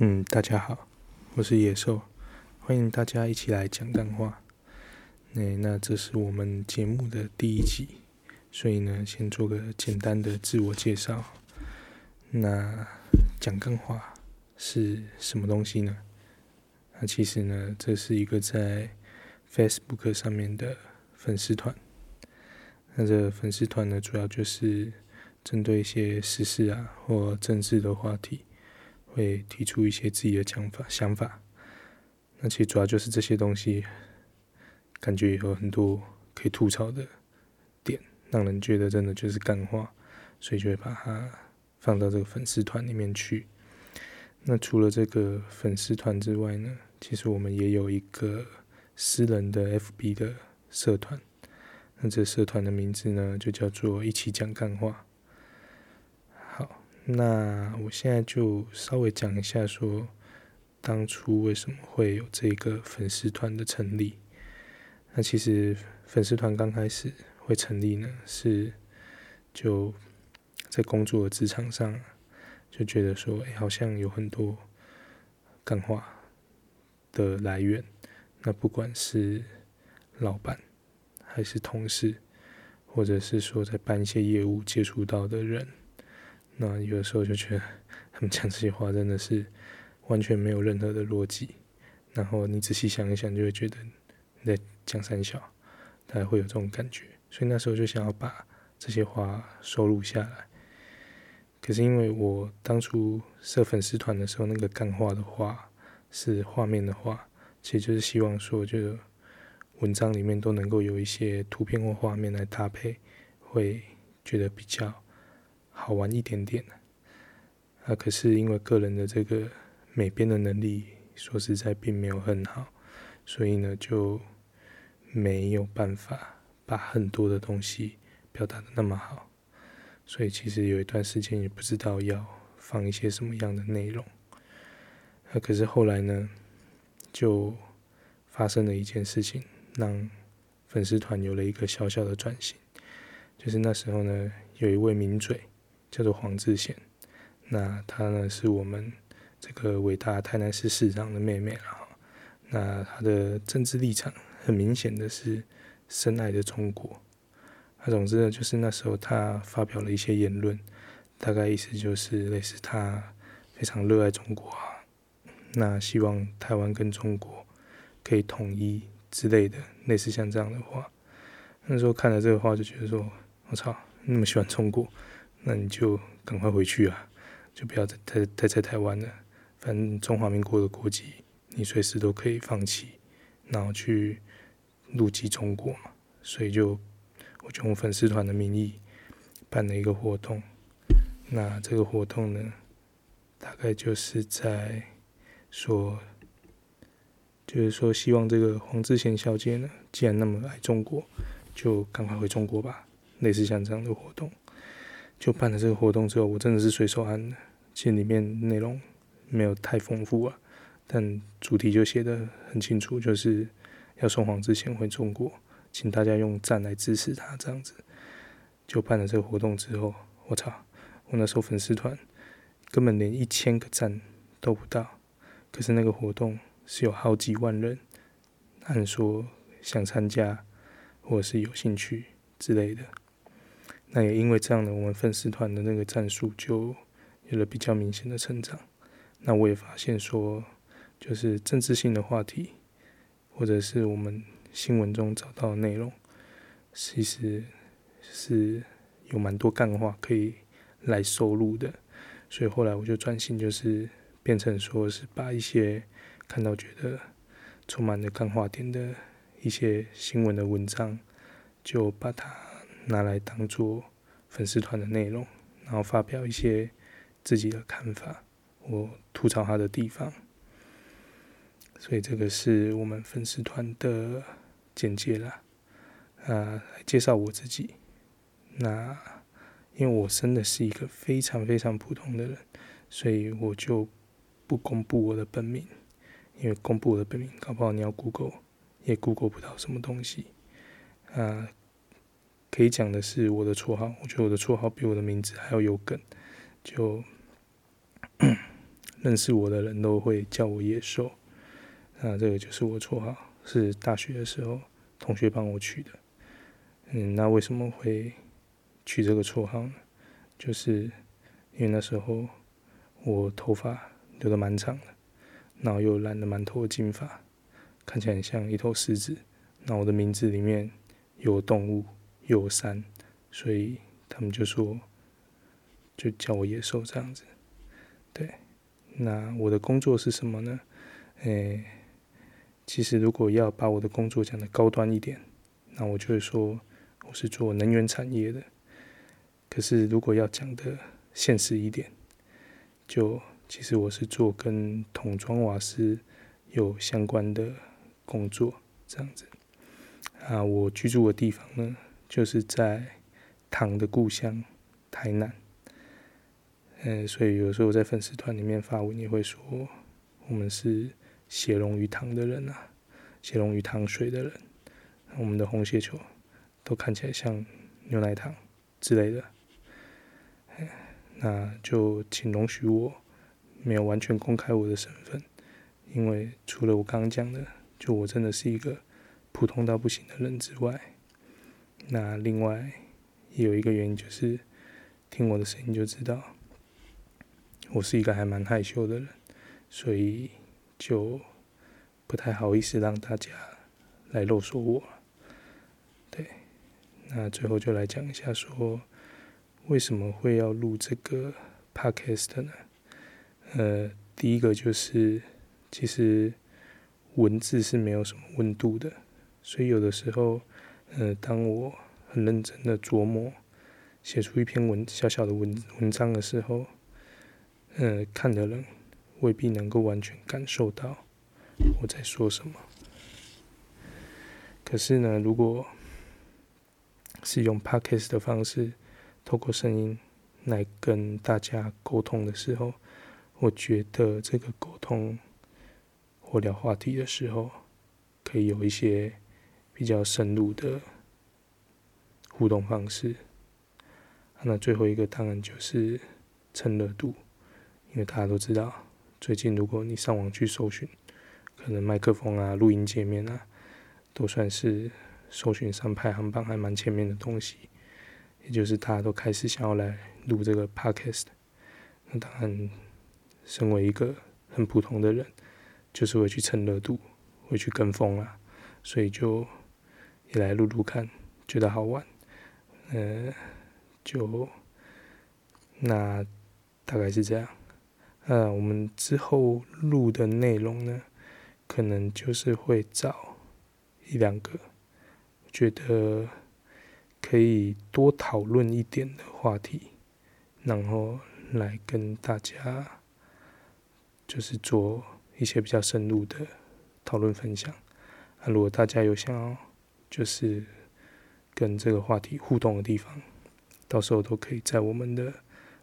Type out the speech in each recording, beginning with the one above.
嗯，大家好，我是野獸，歡迎大家一起來講幹話。那、欸、那這是我們節目的第一集，所以呢，先做個簡單的自我介紹。那講幹話是什麼東西呢？那其實呢，這是一個在 Facebook 上面的粉絲團。那這粉絲團呢，主要就是針對一些時事啊或政治的話題。會提出一些自己的講法、想法，那其實主要就是這些東西，感覺也有很多可以吐槽的點，讓人覺得真的就是幹話，所以就會把它放到這個粉絲團裡面去。那除了這個粉絲團之外呢，其實我們也有一個私人的 FB 的社團，那這社團的名字呢，就叫做一起講幹話。那我現在就稍微講一下，說當初為什麼會有這個粉絲團的成立。那其實粉絲團剛開始會成立呢，是就在工作的職場上就覺得說，哎、欸，好像有很多幹話的來源。那不管是老闆，還是同事，或者是說在辦一些業務接觸到的人。那有的時候就覺得他們講這些話真的是完全沒有任何的邏輯，然後你仔細想一想，就會覺得你在講三小，大概會有這種感覺，所以那時候就想要把這些話收錄下來。可是因為我當初設粉絲團的時候，那個幹話的話是畫面的畫，其實就是希望說，就文章裡面都能夠有一些圖片或畫面來搭配，會覺得比較。好玩一點點，啊，可是因為個人的這個美編的能力，說實在並沒有很好，所以呢就沒有辦法把很多的東西表達的那麼好，所以其實有一段時間也不知道要放一些什麼樣的內容，啊，可是後來呢就發生了一件事情，讓粉絲團有了一個小小的轉型，就是那時候呢有一位名嘴。叫做黃智賢，那他呢是我們這個偉大台南市市長的妹妹啊、哦。那他的政治立場很明顯的是深愛着中國。那、啊、總之呢，就是那時候他發表了一些言論，大概意思就是類似他非常熱愛中國啊，那希望台灣跟中國可以統一之類的，類似像這樣的話。那時候看了這個話，就覺得說，我、哦、操，那麼喜歡中國？那你就趕快回去啊，就不要再待待在台灣了。反正中華民國的國籍，你隨時都可以放棄，然後去入籍中國嘛。所以就我就用粉絲團的名義辦了一個活動。那這個活動呢，大概就是在說，就是說希望這個黃智賢小姐呢，既然那麼愛中國，就趕快回中國吧。類似像這樣的活動。就辦了這個活動之後，我真的是隨手按的，其實裡面內容沒有太豐富啊，但主題就寫的很清楚，就是要送黃志賢回中國，請大家用贊來支持他，這樣子。就辦了這個活動之後，我操，我那時候粉絲團根本連一千個贊都不到，可是那個活動是有好幾萬人按說想參加或者是有興趣之類的。那也因為這樣的，我們粉絲團的那個戰術就有了比較明顯的成長。那我也發現說，就是政治性的話題，或者是我們新聞中找到的內容，其實是有蠻多幹話可以來收錄的。所以後來我就專心就是變成說是把一些看到覺得充滿了幹話點的一些新聞的文章，就把它拿來當做。粉絲團的內容，然後發表一些自己的看法，我吐槽他的地方，所以這個是我們粉絲團的簡介啦，啊、呃，介紹我自己，那因為我真的是一個非常非常普通的人，所以我就不公布我的本名，因為公布了本名，搞不好你要 Google，也 Google 不到什麼東西，啊、呃。可以講的是我的綽號，我覺得我的綽號比我的名字還要有梗，就 認識我的人都會叫我野獸，那這個就是我的綽號，是大學的時候同學幫我取的。嗯，那為什麼會取這個綽號呢？就是因為那時候我頭髮留得蠻長的，然後又染了蠻多的金髮，看起來很像一頭獅子。那我的名字裡面有動物。有山，所以他們就說，就叫我野獸這樣子。對，那我的工作是什麼呢？誒、欸，其實如果要把我的工作講得高端一點，那我就會說我是做能源產業的。可是如果要講得現實一點，就其實我是做跟桶裝瓦斯有相關的工作這樣子。啊，我居住的地方呢？就是在糖的故鄉台南，嗯、呃，所以有時候我在粉絲團裡面發文也會說，我們是血濃於糖的人啊，血濃於糖水的人，我們的紅血球都看起來像牛奶糖之類的。呃、那就請容許我沒有完全公開我的身份，因為除了我剛剛講的，就我真的是一個普通到不行的人之外。那另外有一個原因就是，聽我的聲音就知道，我是一個還蠻害羞的人，所以就不太好意思讓大家來囉嗦我。對，那最後就來講一下說，說為什麼會要錄這個 podcast 的呢？呃，第一個就是其實文字是沒有什麼溫度的，所以有的時候。呃，當我很認真的琢磨寫出一篇文小小的文文章的時候，呃，看的人未必能夠完全感受到我在說什麼。可是呢，如果是用 Podcast 的方式，透過聲音來跟大家溝通的時候，我覺得這個溝通或聊話題的時候，可以有一些。比較深入的互動方式啊，那最後一個當然就是蹭熱度，因為大家都知道，最近如果你上網去搜尋，可能麥克風啊、錄音界面啊，都算是搜尋上排行榜還蠻前面的東西，也就是大家都開始想要來錄這個 podcast，那當然，身為一個很普通的人，就是會去蹭熱度，會去跟風啦啊，所以就。來錄錄看，覺得好玩，呃，就那大概是這樣。呃，我們之後錄的內容呢，可能就是會找一兩個覺得可以多討論一點的話題，然後來跟大家就是做一些比較深入的討論分享。那，啊，如果大家有想要。就是跟這個話題互動的地方，到時候都可以在我們的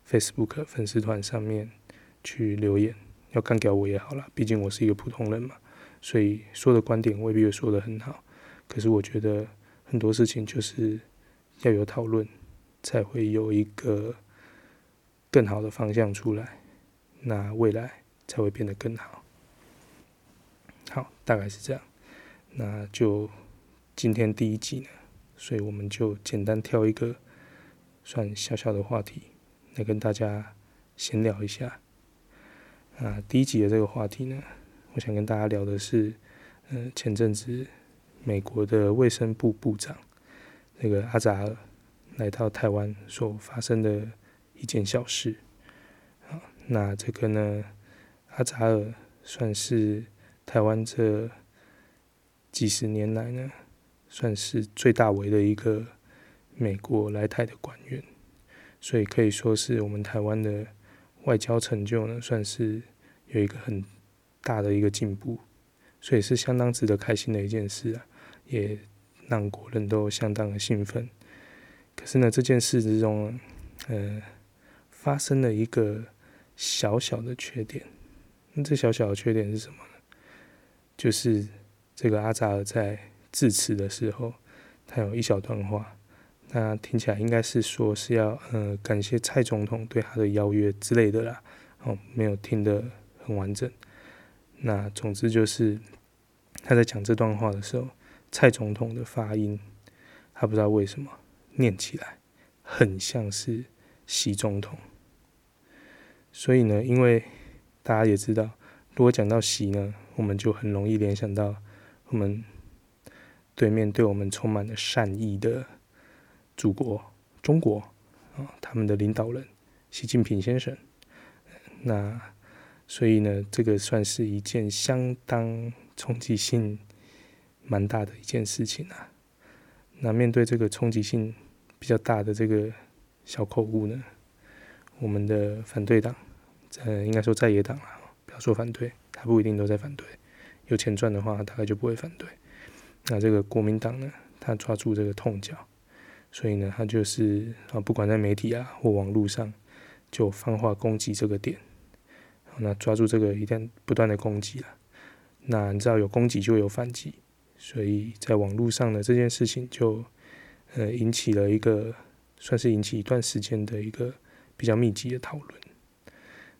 Facebook 粉絲團上面去留言，要幹掉我也好啦，畢竟我是一個普通人嘛，所以說的觀點我未必會說的很好，可是我覺得很多事情就是要有討論，才會有一個更好的方向出來，那未來才會變得更好。好，大概是這樣，那就。今天第一集呢，所以我們就簡單挑一個算小小的話題來跟大家閒聊一下。啊，第一集的這個話題呢，我想跟大家聊的是，呃，前陣子美國的衛生部部長那個阿扎爾來到台灣所發生的一件小事。啊，那這個呢，阿扎爾算是台灣這幾十年來呢。算是最大尾的一個美國來台的官員，所以可以說是我們台灣的外交成就呢，算是有一個很大的一個進步，所以是相當值得開心的一件事啊，也讓國人都相當的興奮。可是呢，這件事之中，呃，發生了一個小小的缺點。那這小小的缺點是什麼呢？就是這個阿扎爾在。致辭的時候，他有一小段話，那聽起來應該是說是要嗯、呃、感謝蔡總統對他的邀約之類的啦。哦，沒有聽得很完整。那總之就是他在講這段話的時候，蔡總統的發音，他不知道為什麼念起來很像是習總統。所以呢，因為大家也知道，如果講到習呢，我們就很容易聯想到我們。對面對我們充滿了善意的祖國中國啊、哦，他們的領導人習近平先生、嗯，那所以呢，這個算是一件相當衝擊性蠻大的一件事情啊。那面對這個衝擊性比較大的這個小口誤呢，我們的反對黨，呃，應該說在野黨啊，不要說反對，他不一定都在反對，有錢賺的話，大概就不會反對。那這個國民黨呢，他抓住這個痛腳，所以呢，他就是啊，不管在媒體啊或網絡上，就放話攻擊這個點。那抓住這個，一定不斷的攻擊了啊。那你知道有攻擊就有反擊，所以在網絡上呢，這件事情就呃引起了一個算是引起一段時間的一個比較密集的討論。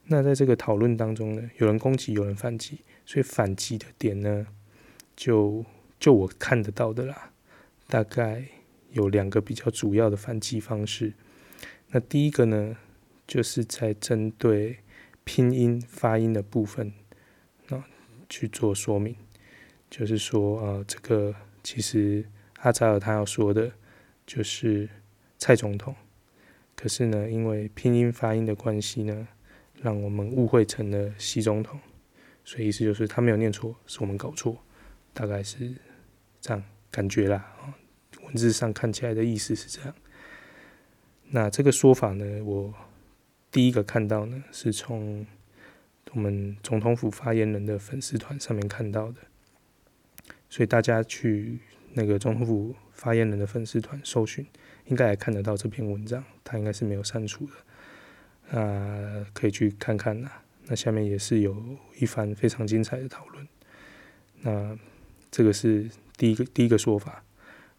那在這個討論當中呢，有人攻擊，有人反擊，所以反擊的點呢，就。就我看得到的啦，大概有兩個比較主要的反擊方式。那第一個呢，就是在針對拼音發音的部分，那去做說明，就是說，啊、呃，這個其實阿扎爾他要說的，就是蔡總統，可是呢，因為拼音發音的關係呢，讓我們誤會成了習總統，所以意思就是他沒有念錯，是我們搞錯，大概是。這樣感覺啦，哦，文字上看起來的意思是這樣。那這個說法呢，我第一個看到呢，是從我們總統府發言人的粉絲團上面看到的。所以大家去那個總統府發言人的粉絲團搜尋，應該也看得到這篇文章，它應該是沒有刪除的。啊，呃，可以去看看啦。那下面也是有一番非常精彩的討論。那這個是。第一個第一個說法，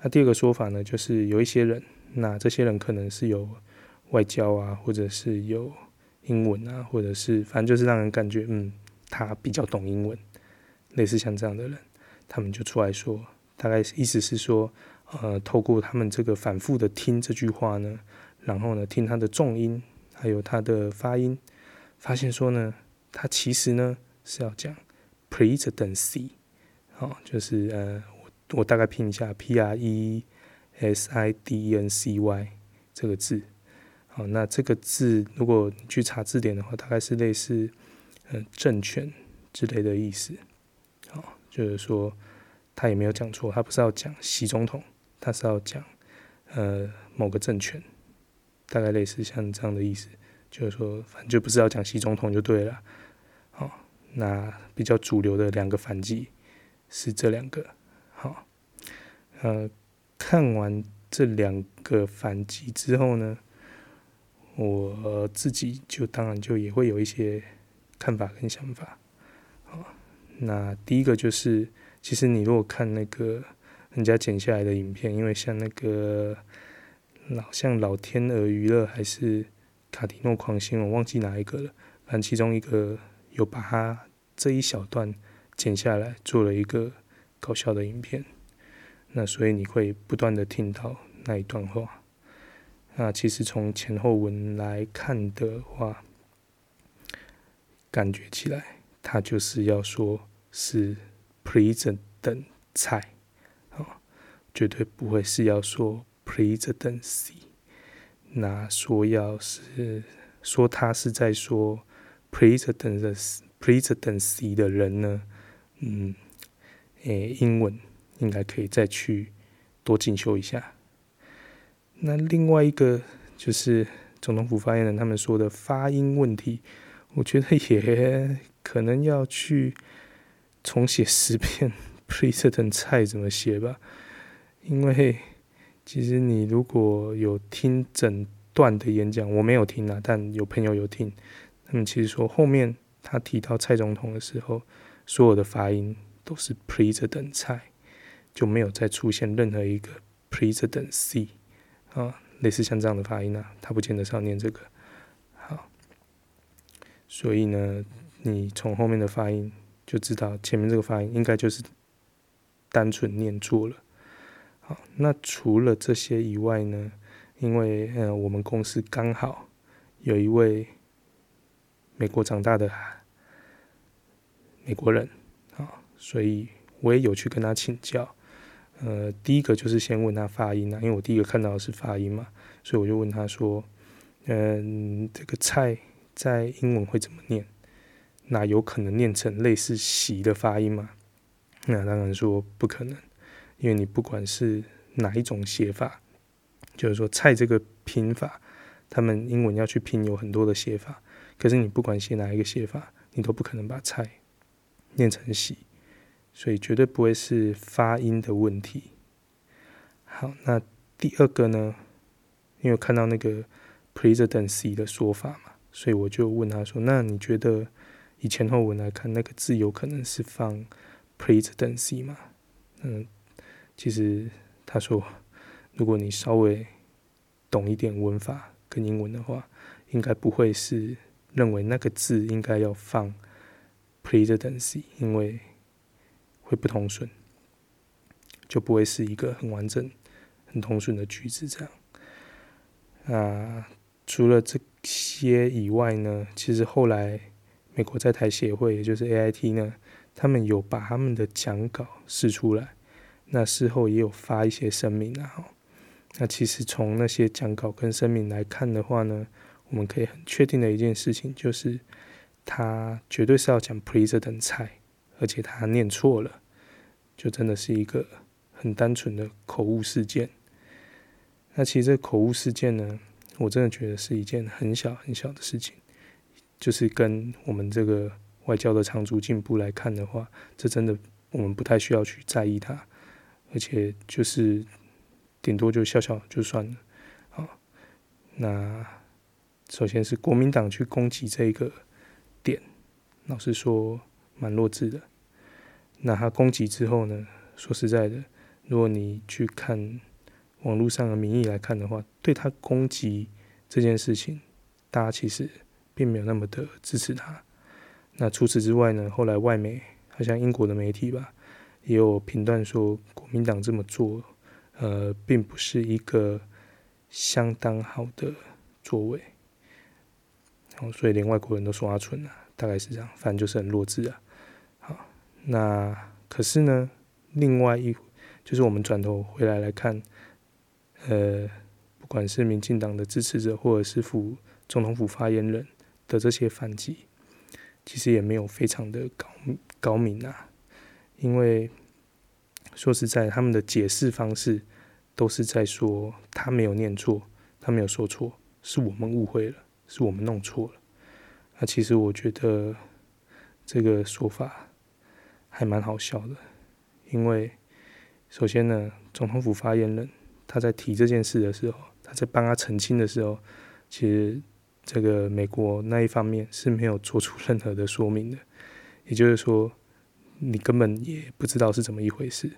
那、啊、第二個說法呢，就是有一些人，那這些人可能是有外交啊，或者是有英文啊，或者是反正就是讓人感覺，嗯，他比較懂英文，類似像這樣的人，他們就出來說，大概意思是說，呃，透過他們這個反覆的聽這句話呢，然後呢，聽他的重音，還有他的發音，發現說呢，他其實呢是要講 presidency，好、哦，就是呃。我大概拼一下，p r e s i d e n c y 這個字，好，那這個字如果你去查字典的話，大概是類似嗯、呃、政權之類的意思，好，就是說他也沒有講錯，他不是要講習總統，他是要講呃某個政權，大概類似像這樣的意思，就是說反正就不是要講習總統就對了，好，那比較主流的兩個反擊是這兩個。呃，看完這兩個反擊之後呢，我自己就當然就也會有一些看法跟想法。好，那第一個就是，其實你如果看那個人家剪下來的影片，因為像那個老，像老天鵝娛樂還是卡迪諾狂新聞，我忘記哪一個了，反正其中一個有把它這一小段剪下來，做了一個搞笑的影片。那所以你會不斷的聽到那一段話，那其實從前後文來看的話，感覺起來他就是要說是 president 蔡。啊、哦，絕對不會是要說 presidency，那說要是說他是在說 president's presidency 的人呢，嗯，誒，英文。應該可以再去多進修一下。那另外一個就是總統府發言人他們說的發音問題，我覺得也可能要去重寫十遍 “President 蔡” President 蔡怎麼寫吧。因為其實你如果有聽整段的演講，我沒有聽啊，但有朋友有聽，他們其實說後面他提到蔡總統的時候，所有的發音都是 “President 就沒有再出現任何一個 presidency 啊，類似像這樣的發音啊，他不見得是要念這個。好，所以呢，你從後面的發音就知道前面這個發音應該就是單純念錯了。好，那除了這些以外呢，因為嗯、呃、我們公司剛好有一位美國長大的美國人啊，所以我也有去跟他請教。呃，第一個就是先問他發音啊，因為我第一個看到的是發音嘛，所以我就問他說，嗯，這個蔡在英文會怎麼念？那有可能念成類似“習”的發音嗎？那當然說不可能，因為你不管是哪一種寫法，就是說蔡這個拼法，他們英文要去拼有很多的寫法，可是你不管寫哪一個寫法，你都不可能把蔡念成“習”。所以絕對不會是發音的問題。好，那第二個呢？因為看到那個 presidency 的說法嘛，所以我就問他說：“那你覺得以前後文來看，那個字有可能是放 presidency 嗎？”嗯，其實他說，如果你稍微懂一點文法跟英文的話，應該不會是認為那個字應該要放 presidency，因為，就不通順，就不會是一個很完整、很通順的句子。這樣啊、呃，除了這些以外呢，其實後來美國在台協會，也就是 AIT 呢，他們有把他們的講稿釋出來，那事後也有發一些聲明啊、喔。然後那其實從那些講稿跟聲明來看的話呢，我們可以很確定的一件事情就是，他絕對是要講 President 蔡，而且他念錯了。就真的是一個很單純的口誤事件。那其實這口誤事件呢，我真的覺得是一件很小很小的事情，就是跟我們這個外交的長足進步來看的話，這真的我們不太需要去在意它，而且就是頂多就笑笑就算了。啊，那首先是國民黨去攻擊這一個點，老實說蠻弱智的。那他攻擊之後呢？說實在的，如果你去看網絡上的民意來看的話，對他攻擊這件事情，大家其實並沒有那麼的支持他。那除此之外呢？後來外媒，好像英國的媒體吧，也有評斷說國民黨這麼做，呃，並不是一個相當好的作為。然後，所以連外國人都說他蠢啊，大概是這樣，反正就是很弱智啊。那可是呢，另外一，就是我們轉頭回來來看，呃，不管是民進黨的支持者，或者是府，總統府發言人的這些反擊，其實也沒有非常的高高明啊。因為說實在，他們的解釋方式都是在說他沒有念錯，他沒有說錯，是我們誤會了，是我們弄錯了。那其實我覺得這個說法。還蠻好笑的，因為首先呢，總統府發言人他在提這件事的時候，他在幫他澄清的時候，其實這個美國那一方面是沒有做出任何的說明的，也就是說，你根本也不知道是怎麼一回事，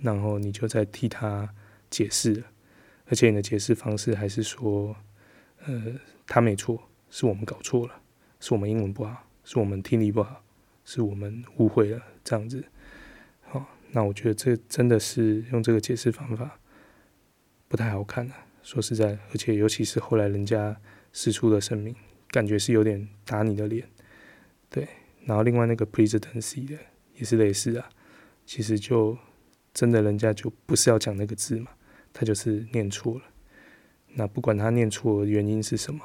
然後你就在替他解釋，而且你的解釋方式還是說，呃，他沒錯，是我們搞錯了，是我們英文不好，是我們聽力不好。是我們誤會了，這樣子。好、哦，那我覺得這真的是用這個解釋方法不太好看啊。說實在，而且尤其是後來人家釋出了聲明，感覺是有點打你的臉。對，然後另外那個 presidency 的也是類似啊。其實就真的人家就不是要講那個字嘛，他就是念錯了。那不管他念錯的原因是什麼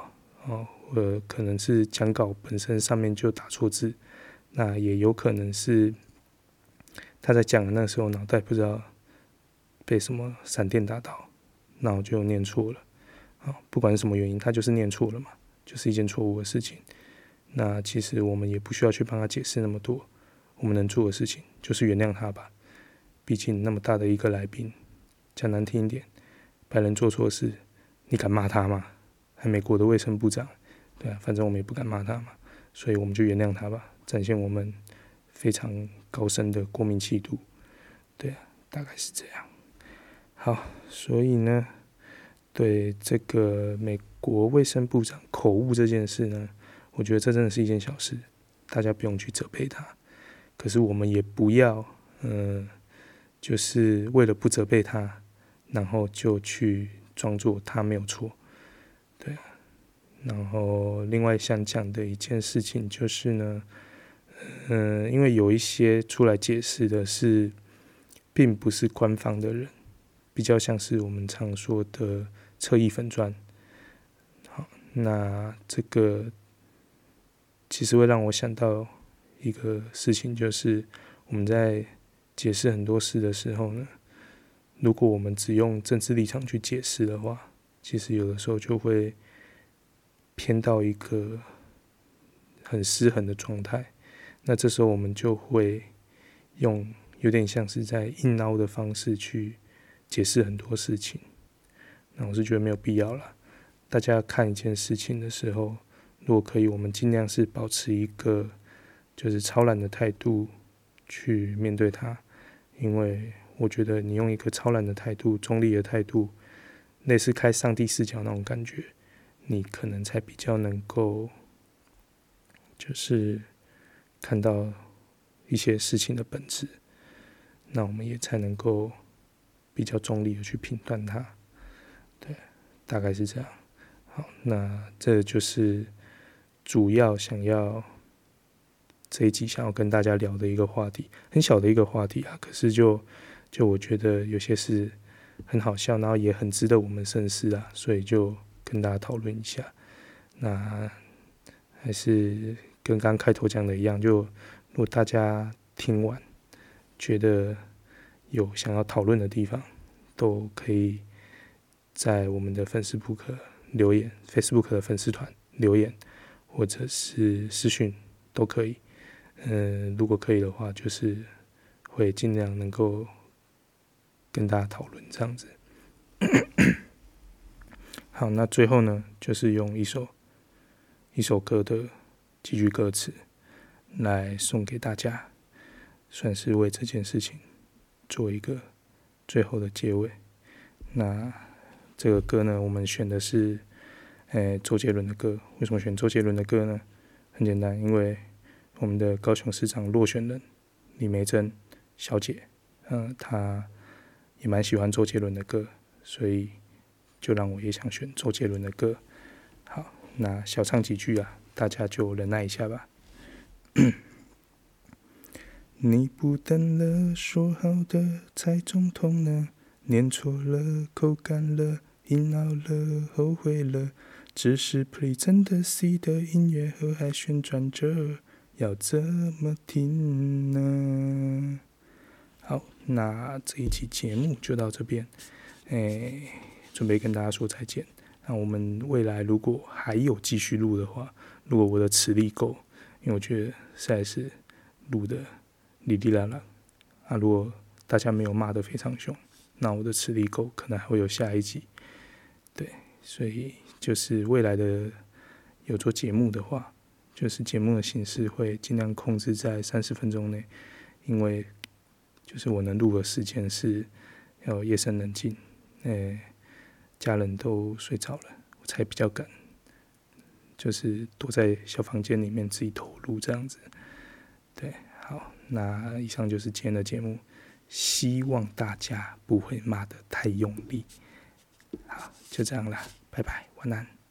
哦，呃，可能是講稿本身上面就打錯字。那也有可能是他在講的那時候腦袋不知道被什麼閃電打到，那我就念錯了啊。不管是什麼原因，他就是念錯了嘛，就是一件錯誤的事情。那其實我們也不需要去幫他解釋那麼多，我們能做的事情就是原諒他吧。畢竟那麼大的一個來賓，講難聽一點，白人做錯事，你敢罵他嗎？還美國的衛生部長，對啊，反正我們也不敢罵他嘛，所以我們就原諒他吧。展現我們非常高深的國民氣度，對啊，大概是這樣。好，所以呢，對這個美國衛生部長口誤這件事呢，我覺得這真的是一件小事，大家不用去責備他。可是我們也不要，嗯、呃，就是為了不責備他，然後就去裝作他沒有錯，對啊。然後另外想講的一件事情就是呢。嗯，因為有一些出來解釋的是，並不是官方的人，比較像是我們常說的側翼粉專。好，那這個其實會讓我想到一個事情，就是我們在解釋很多事的時候呢，如果我們只用政治立場去解釋的話，其實有的時候就會偏到一個很失衡的狀態。那這時候我們就會用有點像是在硬拗的方式去解釋很多事情，那我是覺得沒有必要了。大家看一件事情的時候，如果可以，我們儘量是保持一個就是超然的態度去面對它，因為我覺得你用一個超然的態度、中立的態度，類似開上帝視角那種感覺，你可能才比較能夠就是。看到一些事情的本質，那我們也才能夠比較中立的去評斷它，對，大概是這樣。好，那這就是主要想要這一集想要跟大家聊的一個話題，很小的一個話題啊，可是就就我覺得有些事很好笑，然後也很值得我們深思啊，所以就跟大家討論一下。那還是。跟剛,剛開頭講的一樣，就如果大家聽完覺得有想要討論的地方，都可以在我們的粉絲 book 留言、Facebook 的粉絲團留言，或者是私訊都可以。嗯、呃，如果可以的話，就是會盡量能夠跟大家討論這樣子。 好，那最後呢，就是用一首一首歌的。幾句歌詞來送給大家，算是為這件事情做一個最後的結尾。那這個歌呢，我們選的是誒、欸、周杰倫的歌。為什麼選周杰倫的歌呢？很簡單，因為我們的高雄市長落選人李眉蓁小姐，嗯、呃，她也蠻喜歡周杰倫的歌，所以就讓我也想選周杰倫的歌。好，那小唱幾句啊。大家就忍耐一下吧。 你不等了，說好的蔡總統呢？念錯了，口乾了，暈倒了，後悔了。只是 President Xi 的音樂盒還旋轉着，要怎麼聽呢？好，那這一期節目就到這邊，哎，準備跟大家說再見。那我們未來如果還有繼續錄的話，如果我的磁力夠，因為我覺得實在是錄的哩哩啦啦，啊，如果大家沒有罵得非常兇，那我的磁力夠，可能還會有下一集。對，所以就是未來的有做節目的話，就是節目的形式會盡量控制在三十分鐘內，因為就是我能錄的時間是要夜深人靜，哎、欸，家人都睡着了，我才比較敢。就是躲在小房間裡面自己投入這樣子，對，好，那以上就是今天的節目，希望大家不會罵得太用力，好，就這樣啦，拜拜，晚安。